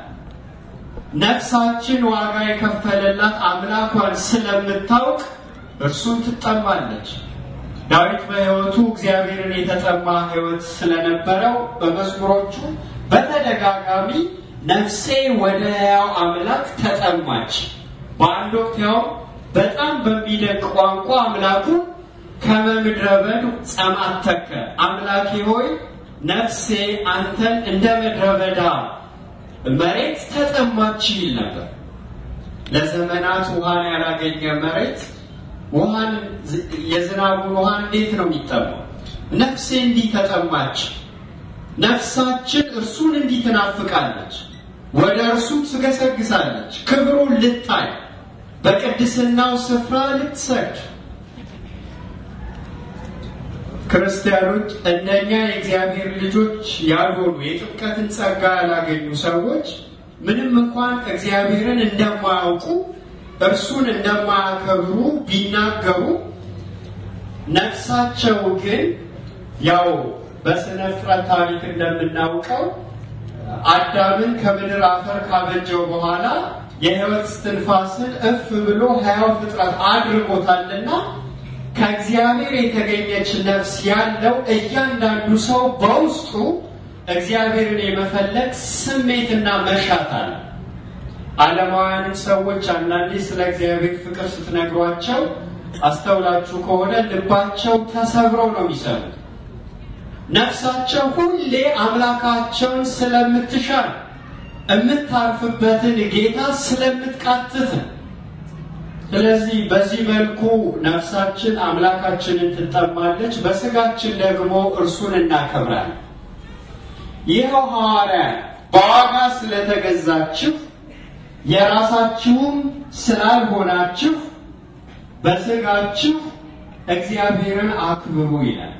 ነፍሳችን ዋጋ የከፈለላት አምላኳን ስለምታውቅ እርሱን ትጠማለች። ዳዊት በሕይወቱ እግዚአብሔርን የተጠማ ሕይወት ስለነበረው በመዝሙሮቹ በተደጋጋሚ ነፍሴ ወደ ያው አምላክ ተጠማች፣ በአንድ ወቅት ያውም በጣም በሚደንቅ ቋንቋ አምላኩ ከመምድረ በድ ጸማተከ አምላኬ ሆይ ነፍሴ አንተን እንደ ምድረ በዳ መሬት ተጠማች ይል ነበር። ለዘመናት ውሃን ያላገኘ መሬት ውሃን የዝናቡን ውሃ እንዴት ነው የሚጠማው? ነፍሴ እንዲህ ተጠማች፣ ነፍሳችን እርሱን እንዲህ ትናፍቃለች፣ ወደ እርሱ ትገሰግሳለች። ክብሩን ልታይ በቅድስናው ስፍራ ልትሰግድ። ክርስቲያኖች እነኛ የእግዚአብሔር ልጆች ያልሆኑ የጥምቀትን ጸጋ ያላገኙ ሰዎች ምንም እንኳን እግዚአብሔርን እንደማያውቁ እርሱን እንደማያከብሩ ቢናገሩ ነፍሳቸው ግን ያው በስነ ፍጥረት ታሪክ እንደምናውቀው አዳምን ከምድር አፈር ካበጀው በኋላ የህይወት ስትንፋስን እፍ ብሎ ሕያው ፍጥረት አድርጎታልና ከእግዚአብሔር የተገኘች ነፍስ ያለው እያንዳንዱ ሰው በውስጡ እግዚአብሔርን የመፈለግ ስሜትና መሻት አለ። ዓለማውያንን ሰዎች አንዳንዴ ስለ እግዚአብሔር ፍቅር ስትነግሯቸው አስተውላችሁ ከሆነ ልባቸው ተሰብረው ነው የሚሰሩት። ነፍሳቸው ሁሌ አምላካቸውን ስለምትሻ የምታርፍበትን ጌታ ስለምትቃትት ነው። ስለዚህ በዚህ መልኩ ነፍሳችን አምላካችንን ትጠማለች፣ በስጋችን ደግሞ እርሱን እናከብራለን። ይኸው ሐዋርያ በዋጋ ስለተገዛችሁ የራሳችሁም ስላልሆናችሁ በስጋችሁ እግዚአብሔርን አክብሩ ይላል።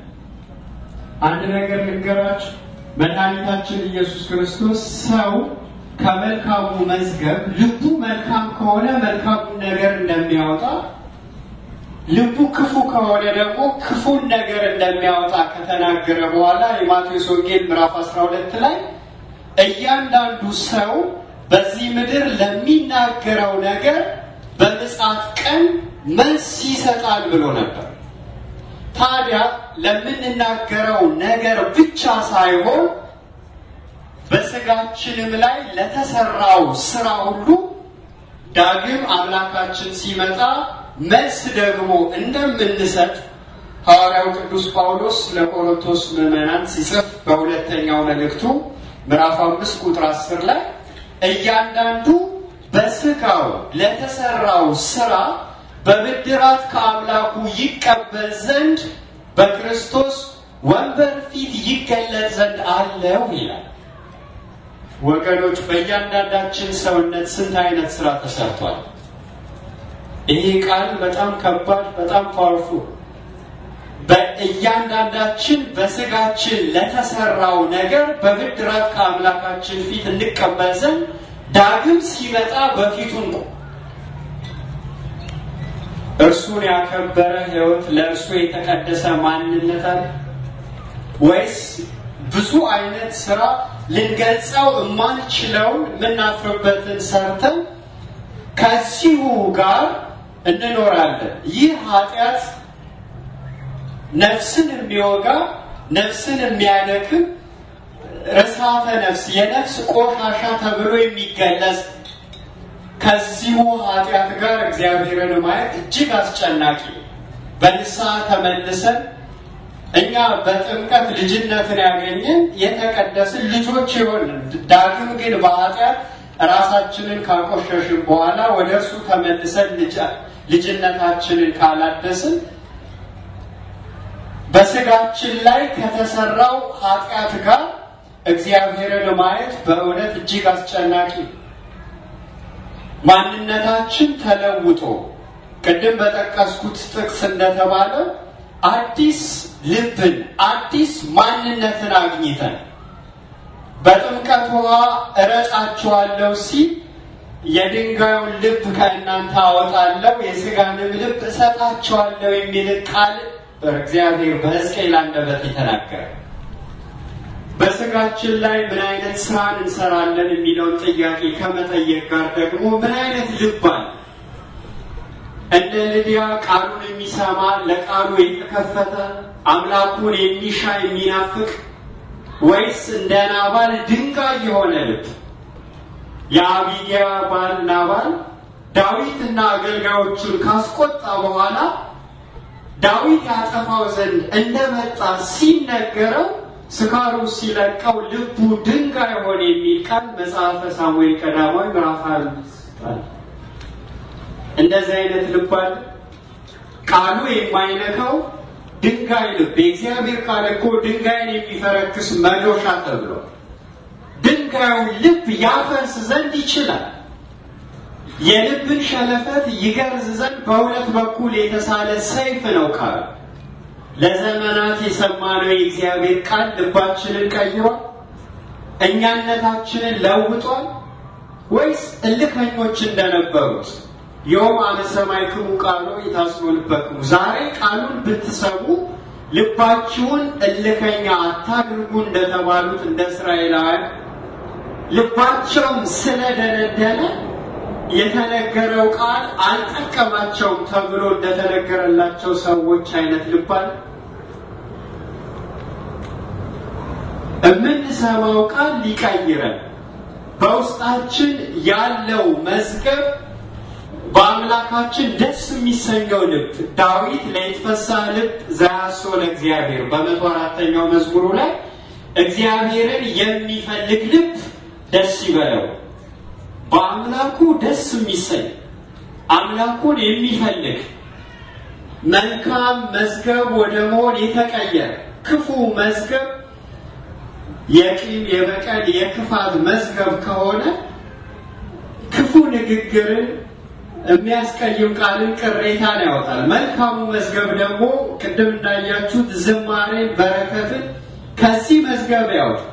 አንድ ነገር ልንገራችሁ። መድኃኒታችን ኢየሱስ ክርስቶስ ሰው ከመልካሙ መዝገብ ልቡ መልካም ከሆነ መልካሙን ነገር እንደሚያወጣ፣ ልቡ ክፉ ከሆነ ደግሞ ክፉን ነገር እንደሚያወጣ ከተናገረ በኋላ የማቴዎስ ወንጌል ምዕራፍ 12 ላይ እያንዳንዱ ሰው በዚህ ምድር ለሚናገረው ነገር በምጽአት ቀን መልስ ይሰጣል ብሎ ነበር። ታዲያ ለምንናገረው ነገር ብቻ ሳይሆን በስጋችንም ላይ ለተሰራው ስራ ሁሉ ዳግም አምላካችን ሲመጣ መልስ ደግሞ እንደምንሰጥ ሐዋርያው ቅዱስ ጳውሎስ ለቆሮንቶስ ምዕመናን ሲጽፍ በሁለተኛው መልእክቱ ምዕራፍ አምስት ቁጥር አስር ላይ እያንዳንዱ በስጋው ለተሰራው ስራ በብድራት ከአምላኩ ይቀበል ዘንድ በክርስቶስ ወንበር ፊት ይገለጥ ዘንድ አለው ይላል። ወገኖች በእያንዳንዳችን ሰውነት ስንት አይነት ስራ ተሰርቷል? ይሄ ቃል በጣም ከባድ፣ በጣም ፓወርፉል በእያንዳንዳችን በስጋችን ለተሰራው ነገር በብድራት ከአምላካችን ፊት እንቀበል ዘንድ ዳግም ሲመጣ በፊቱ ነው። እርሱን ያከበረ ህይወት ለእርሱ የተቀደሰ ማንነት አለ ወይስ ብዙ አይነት ስራ ልንገልጸው የማንችለውን የምናፍርበትን ሰርተን ከዚሁ ጋር እንኖራለን? ይህ ኃጢአት ነፍስን የሚወጋ ነፍስን የሚያደክም ረሳተ ነፍስ የነፍስ ቆሻሻ ተብሎ የሚገለጽ ከዚሁ ኃጢአት ጋር እግዚአብሔርን ማየት እጅግ አስጨናቂ። በንስሐ ተመልሰን እኛ በጥምቀት ልጅነትን ያገኘን የተቀደስን ልጆች ይሆን፣ ዳግም ግን በኃጢአት ራሳችንን ካቆሸሽን በኋላ ወደ እርሱ ተመልሰን ልጅነታችንን ካላደስን በስጋችን ላይ ከተሰራው ኃጢአት ጋር እግዚአብሔርን ማየት በእውነት እጅግ አስጨናቂ ማንነታችን ተለውጦ ቅድም በጠቀስኩት ጥቅስ እንደተባለ አዲስ ልብን አዲስ ማንነትን አግኝተን በጥምቀት ውሃ እረጣችኋለሁ ሲል የድንጋዩን ልብ ከእናንተ አወጣለሁ የስጋንም ልብ እሰጣችኋለሁ የሚል ቃል እግዚአብሔር በሕዝቅኤል አንደበት የተናገረ በስጋችን ላይ ምን አይነት ስራን እንሰራለን የሚለውን ጥያቄ ከመጠየቅ ጋር ደግሞ ምን አይነት ልብ አለ? እንደ ልድያ ቃሉን የሚሰማ ለቃሉ የተከፈተ አምላኩን የሚሻ የሚናፍቅ ወይስ እንደ ናባል ድንጋይ የሆነ ልብ? የአቢግያ ባል ናባል ዳዊትና አገልጋዮቹን ካስቆጣ በኋላ ዳዊት ያጠፋው ዘንድ እንደመጣ ሲነገረው ስካሩ ሲለቀው ልቡ ድንጋይ ሆነ የሚል ቃል መጽሐፈ ሳሙኤል ቀዳማዊ ምዕራፍ አምስት እንደዚህ አይነት ልብ ቃሉ የማይነካው ድንጋይ ልብ። የእግዚአብሔር ቃል እኮ ድንጋይን የሚፈረክስ መዶሻ ተብሏል። ድንጋዩ ልብ ያፈርስ ዘንድ ይችላል። የልብን ሸለፈት ይገርዝ ዘንድ በሁለት በኩል የተሳለ ሰይፍ ነው ካለ ለዘመናት የሰማነው የእግዚአብሔር ቃል ልባችንን ቀይሯል? እኛነታችንን ለውጧል? ወይስ እልከኞች እንደነበሩት ዮም አነ ሰማዕክሙ ቃሎ ይታስቦንበክሙ፣ ዛሬ ቃሉን ብትሰሙ ልባችሁን እልከኛ አታድርጉ እንደተባሉት እንደ እስራኤላውያን ልባቸውም ስለደነደነ የተነገረው ቃል አልጠቀማቸውም ተብሎ እንደተነገረላቸው ሰዎች አይነት ልባል የምንሰማው ቃል ሊቀይረን በውስጣችን ያለው መዝገብ በአምላካችን ደስ የሚሰኘው ልብ ዳዊት ለየትፈሳ ልብ ዘያሶ ለእግዚአብሔር በመቶ አራተኛው መዝሙሩ ላይ እግዚአብሔርን የሚፈልግ ልብ ደስ ይበለው በአምላኩ ደስ የሚሰኝ አምላኩን የሚፈልግ መልካም መዝገብ ወደ መሆን የተቀየረ ክፉ መዝገብ የቂም፣ የበቀል፣ የክፋት መዝገብ ከሆነ ክፉ ንግግርን፣ የሚያስቀይም ቃልን፣ ቅሬታን ያወጣል። መልካሙ መዝገብ ደግሞ ቅድም እንዳያችሁት ዝማሬን፣ በረከትን ከዚህ መዝገብ ያወጣል።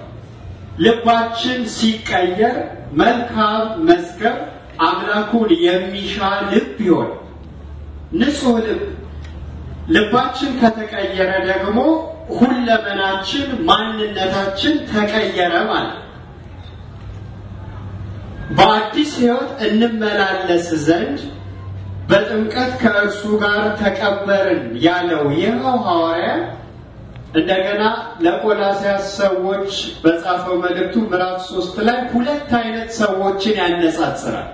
ልባችን ሲቀየር መልካም መዝገብ አምላኩን የሚሻ ልብ ይሆን ንጹህ ልብ። ልባችን ከተቀየረ ደግሞ ሁለመናችን፣ ማንነታችን ተቀየረ ማለት በአዲስ ህይወት እንመላለስ ዘንድ በጥምቀት ከእርሱ ጋር ተቀበርን ያለው ይኸው ሐዋርያ እንደገና ለቆላሲያስ ሰዎች በጻፈው መልእክቱ ምዕራፍ ሶስት ላይ ሁለት አይነት ሰዎችን ያነጻጽራል።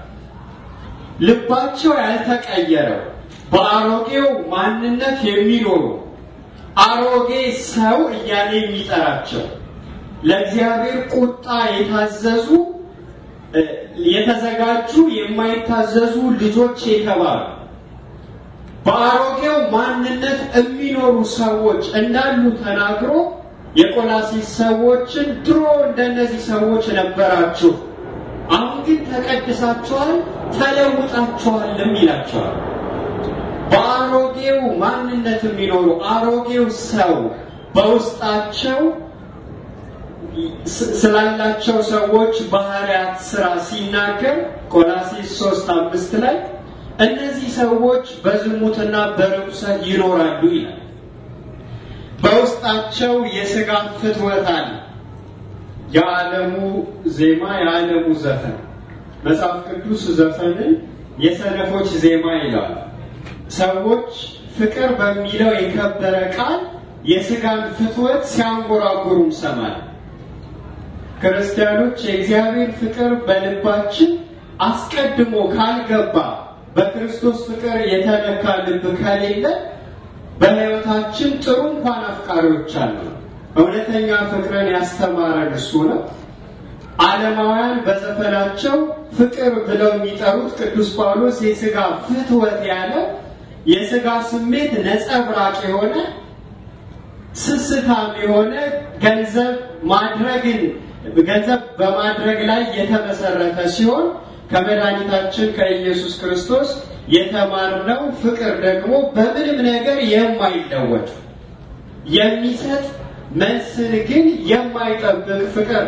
ልባቸው ያልተቀየረው በአሮጌው ማንነት የሚኖሩ አሮጌ ሰው እያለ የሚጠራቸው ለእግዚአብሔር ቁጣ የታዘዙ የተዘጋጁ የማይታዘዙ ልጆች የተባሉ በአሮጌው ማንነት የሚኖሩ ሰዎች እንዳሉ ተናግሮ የቆላሲስ ሰዎችን ድሮ እንደነዚህ ሰዎች ነበራችሁ፣ አሁን ግን ተቀድሳችኋል፣ ተለውጣችኋልም ይላቸዋል። በአሮጌው ማንነት የሚኖሩ አሮጌው ሰው በውስጣቸው ስላላቸው ሰዎች ባህሪያት ስራ ሲናገር ቆላሲስ ሶስት አምስት ላይ እነዚህ ሰዎች በዝሙትና በርኩሰት ይኖራሉ ይላል። በውስጣቸው የስጋ ፍትወት አለ። የዓለሙ ዜማ፣ የዓለሙ ዘፈን መጽሐፍ ቅዱስ ዘፈንን የሰነፎች ዜማ ይለዋል። ሰዎች ፍቅር በሚለው የከበረ ቃል የስጋን ፍትወት ሲያንጎራጉሩ ሰማል። ክርስቲያኖች የእግዚአብሔር ፍቅር በልባችን አስቀድሞ ካልገባ በክርስቶስ ፍቅር የተነካ ልብ ከሌለ በሕይወታችን ጥሩ እንኳን አፍቃሪዎች አሉ። እውነተኛ ፍቅርን ያስተማረን እሱ ነው። ዓለማውያን በዘፈናቸው ፍቅር ብለው የሚጠሩት ቅዱስ ጳውሎስ የሥጋ ፍትወት ያለ የሥጋ ስሜት ነጸብራቅ የሆነ ስስታም የሆነ ገንዘብ ማድረግን ገንዘብ በማድረግ ላይ የተመሰረተ ሲሆን ከመድኃኒታችን ከኢየሱስ ክርስቶስ የተማርነው ፍቅር ደግሞ በምንም ነገር የማይለወጥ የሚሰጥ መልስን ግን የማይጠብቅ ፍቅር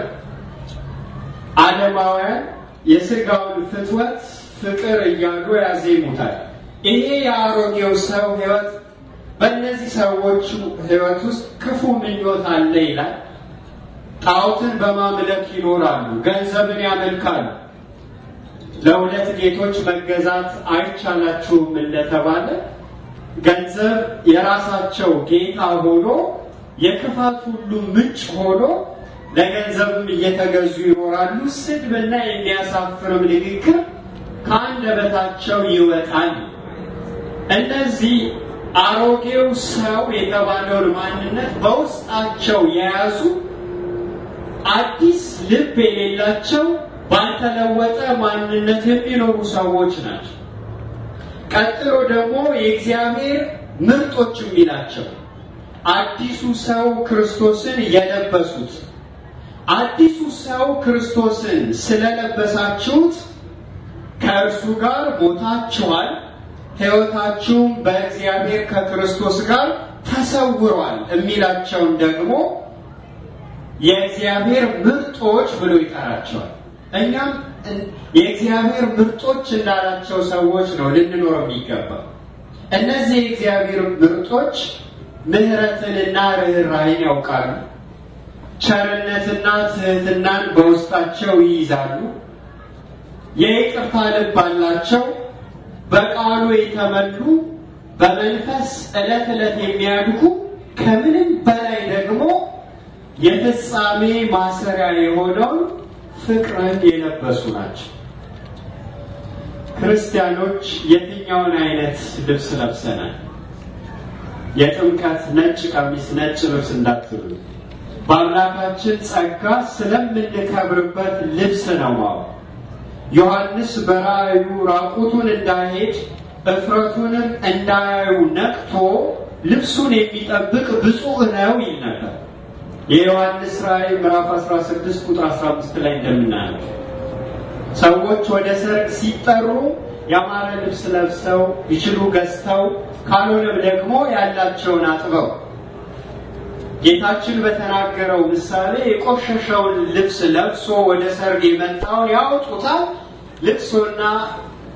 አለማውያን የስጋውን ፍትወት ፍቅር እያሉ ያዜሙታል። ይሄ የአሮጌው ሰው ህይወት በእነዚህ ሰዎች ህይወት ውስጥ ክፉ ምኞት አለ ይላል። ጣዖትን በማምለክ ይኖራሉ፣ ገንዘብን ያመልካሉ ለሁለት ጌቶች መገዛት አይቻላችሁም እንደተባለ ገንዘብ የራሳቸው ጌታ ሆኖ የክፋት ሁሉ ምንጭ ሆኖ ለገንዘብም እየተገዙ ይኖራሉ። ስድብና የሚያሳፍርም ንግግር ከአንደበታቸው ይወጣል። እነዚህ አሮጌው ሰው የተባለውን ማንነት በውስጣቸው የያዙ አዲስ ልብ የሌላቸው ባልተለወጠ ማንነት የሚኖሩ ሰዎች ናቸው። ቀጥሎ ደግሞ የእግዚአብሔር ምርጦች የሚላቸው አዲሱ ሰው ክርስቶስን የለበሱት አዲሱ ሰው ክርስቶስን ስለለበሳችሁት ከእርሱ ጋር ሞታችኋል፣ ሕይወታችሁም በእግዚአብሔር ከክርስቶስ ጋር ተሰውሯል የሚላቸውን ደግሞ የእግዚአብሔር ምርጦች ብሎ ይጠራቸዋል። እኛም የእግዚአብሔር ምርጦች እንዳላቸው ሰዎች ነው ልንኖረው የሚገባ። እነዚህ የእግዚአብሔር ምርጦች ምሕረትንና ርኅራኄን ያውቃሉ፣ ቸርነትና ትህትናን በውስጣቸው ይይዛሉ፣ የይቅርታ ልብ አላቸው፣ በቃሉ የተመሉ በመንፈስ ዕለት ዕለት የሚያድጉ ከምንም በላይ ደግሞ የፍጻሜ ማሰሪያ የሆነውን ፍቅርን የለበሱ ናቸው። ክርስቲያኖች የትኛውን አይነት ልብስ ለብሰናል? የጥምቀት ነጭ ቀሚስ፣ ነጭ ልብስ እንዳትሉ። በአምላካችን ጸጋ ስለምንከብርበት ልብስ ነው ማወቅ ዮሐንስ በራእዩ ራቁቱን እንዳይሄድ እፍረቱንም እንዳያዩ ነቅቶ ልብሱን የሚጠብቅ ብፁዕ ነው ይል ነበር። የዮሐንስ ራእይ ምዕራፍ 16 ቁጥር 15 ላይ እንደምናየው ሰዎች ወደ ሰርግ ሲጠሩ ያማረ ልብስ ለብሰው ይችሉ ገዝተው ካልሆነም ደግሞ ያላቸውን አጥበው ጌታችን በተናገረው ምሳሌ የቆሸሸውን ልብስ ለብሶ ወደ ሰርግ የመጣውን ያውጡታል። ልብሱና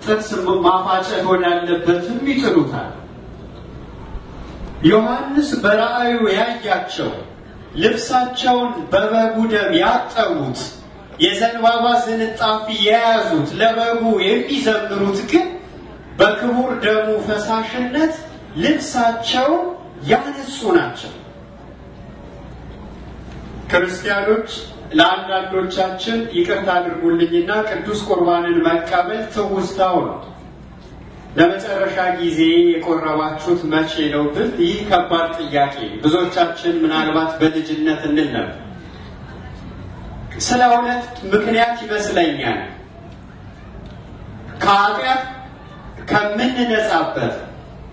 ጥርስ ማፋጨት ወዳለበትም ይጥሉታል። ዮሐንስ በራእዩ ያያቸው ልብሳቸውን በበጉ ደም ያጠቡት የዘንባባ ዝንጣፊ የያዙት ለበጉ የሚዘምሩት ግን በክቡር ደሙ ፈሳሽነት ልብሳቸውን ያነጹ ናቸው። ክርስቲያኖች ለአንዳንዶቻችን ይቅርታ አድርጉልኝና ቅዱስ ቁርባንን መቀበል ትውስታው ነው። ለመጨረሻ ጊዜ የቆረባችሁት መቼ ነው ብል ይህ ከባድ ጥያቄ ብዙዎቻችን ምናልባት በልጅነት እንል ነበር። ስለ እውነት ምክንያት ይመስለኛል ከአጢያት ከምንነጻበት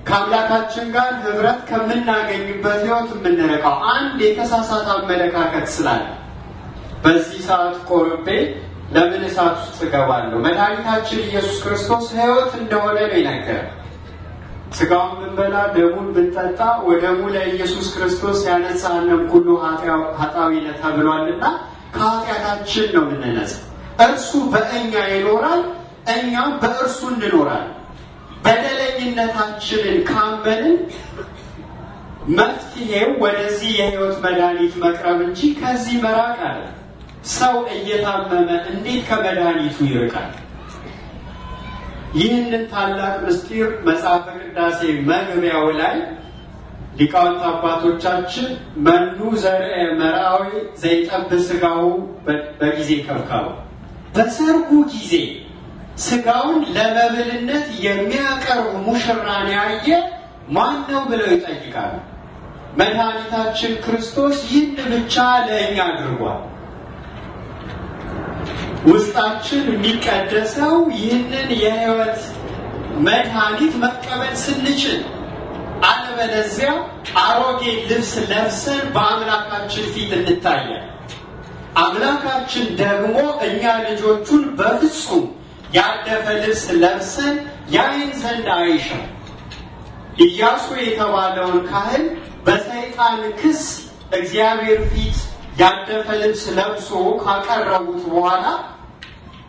ከአምላካችን ጋር ህብረት ከምናገኝበት ህይወት የምንረቃው አንድ የተሳሳተ አመለካከት ስላለ በዚህ ሰዓት ቆርቤ ለምን እሳት ውስጥ እገባለሁ? መድኃኒታችን ኢየሱስ ክርስቶስ ህይወት እንደሆነ ነው የነገረ። ስጋውን ብንበላ ደሙን ብንጠጣ ወደሙ ለኢየሱስ ክርስቶስ ያነጻንም ሁሉ ኃጣዊ ተብሏልና ከኃጢአታችን ነው የምንነጻ። እርሱ በእኛ ይኖራል፣ እኛም በእርሱ እንኖራል። በደለኝነታችንን ካመንን መፍትሄው ወደዚህ የህይወት መድኃኒት መቅረብ እንጂ ከዚህ መራቅ አለ ሰው እየታመመ እንዴት ከመድኃኒቱ ይርቃል? ይህንን ታላቅ ምስጢር መጽሐፈ ቅዳሴ መግቢያው ላይ ሊቃውንት አባቶቻችን መኑ ዘርአ መርአዊ ዘይጠብ ስጋው በጊዜ ከብካቡ በሰርጉ ጊዜ ስጋውን ለመብልነት የሚያቀርብ ሙሽራን ያየ ማን ነው ብለው ይጠይቃሉ። መድኃኒታችን ክርስቶስ ይህን ብቻ ለእኛ አድርጓል። ውስጣችን የሚቀደሰው ይህንን የህይወት መድኃኒት መቀበል ስንችል፣ አለበለዚያ አሮጌ ልብስ ለብሰን በአምላካችን ፊት እንታያለን። አምላካችን ደግሞ እኛ ልጆቹን በፍጹም ያደፈ ልብስ ለብሰን ያይን ዘንድ አይሻም። ኢያሱ የተባለውን ካህን በሰይጣን ክስ እግዚአብሔር ፊት ያደፈ ልብስ ለብሶ ካቀረቡት በኋላ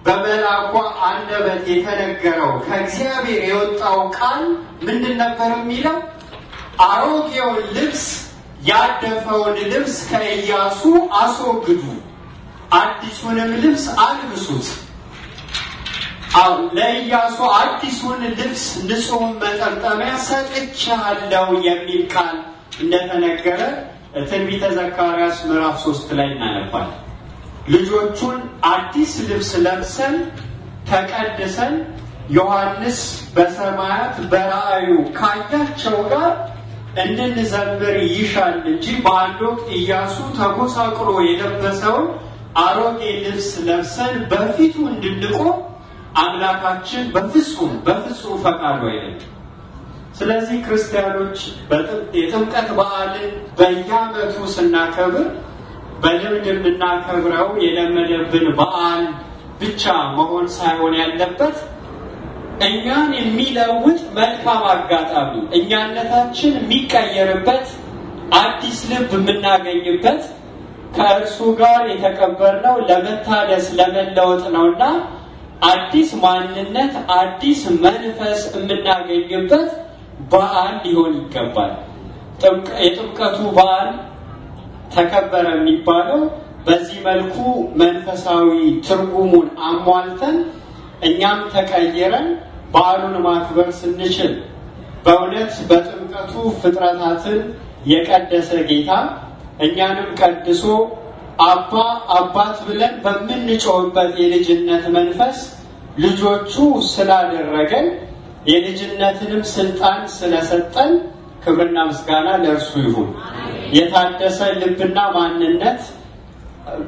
በመልአኳ አንደበት የተነገረው ከእግዚአብሔር የወጣው ቃል ምንድን ነበር የሚለው? አሮጌውን ልብስ ያደፈውን ልብስ ከኢያሱ አስወግዱ፣ አዲሱንም ልብስ አልብሱት። ለኢያሱ አዲሱን ልብስ ንጹሕን መጠምጠሚያ ሰጥቻለሁ የሚል ቃል እንደተነገረ ትንቢተ ዘካርያስ ምዕራፍ ሶስት ላይ እናነባለን። ልጆቹን አዲስ ልብስ ለብሰን ተቀድሰን ዮሐንስ በሰማያት በራእዩ ካያቸው ጋር እንድንዘምር ይሻል እንጂ በአንድ ወቅት ኢያሱ ተጎሳቅሮ የለበሰውን አሮጌ ልብስ ለብሰን በፊቱ እንድንቆም አምላካችን በፍጹም በፍጹም ፈቃዱ አይደለም። ስለዚህ ክርስቲያኖች የጥምቀት በዓልን በየዓመቱ ስናከብር በልምድ የምናከብረው የለመደብን በዓል ብቻ መሆን ሳይሆን ያለበት እኛን የሚለውጥ መልካም አጋጣሚ እኛነታችን የሚቀየርበት አዲስ ልብ የምናገኝበት ከእርሱ ጋር የተቀበርነው ለመታደስ ለመለወጥ ነውና አዲስ ማንነት አዲስ መንፈስ የምናገኝበት በዓል ሊሆን ይገባል። የጥምቀቱ በዓል ተከበረ የሚባለው በዚህ መልኩ መንፈሳዊ ትርጉሙን አሟልተን እኛም ተቀይረን በዓሉን ማክበር ስንችል በእውነት በጥምቀቱ ፍጥረታትን የቀደሰ ጌታ እኛንም ቀድሶ አባ አባት ብለን በምንጮህበት የልጅነት መንፈስ ልጆቹ ስላደረገን የልጅነትንም ስልጣን ስለሰጠን ክብርና ምስጋና ለእርሱ ይሁን። የታደሰ ልብና ማንነት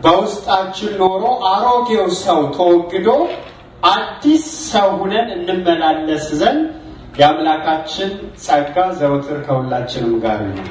በውስጣችን ኖሮ አሮጌው ሰው ተወግዶ አዲስ ሰው ሁነን እንመላለስ ዘንድ የአምላካችን ጸጋ ዘውትር ከሁላችንም ጋር ነው።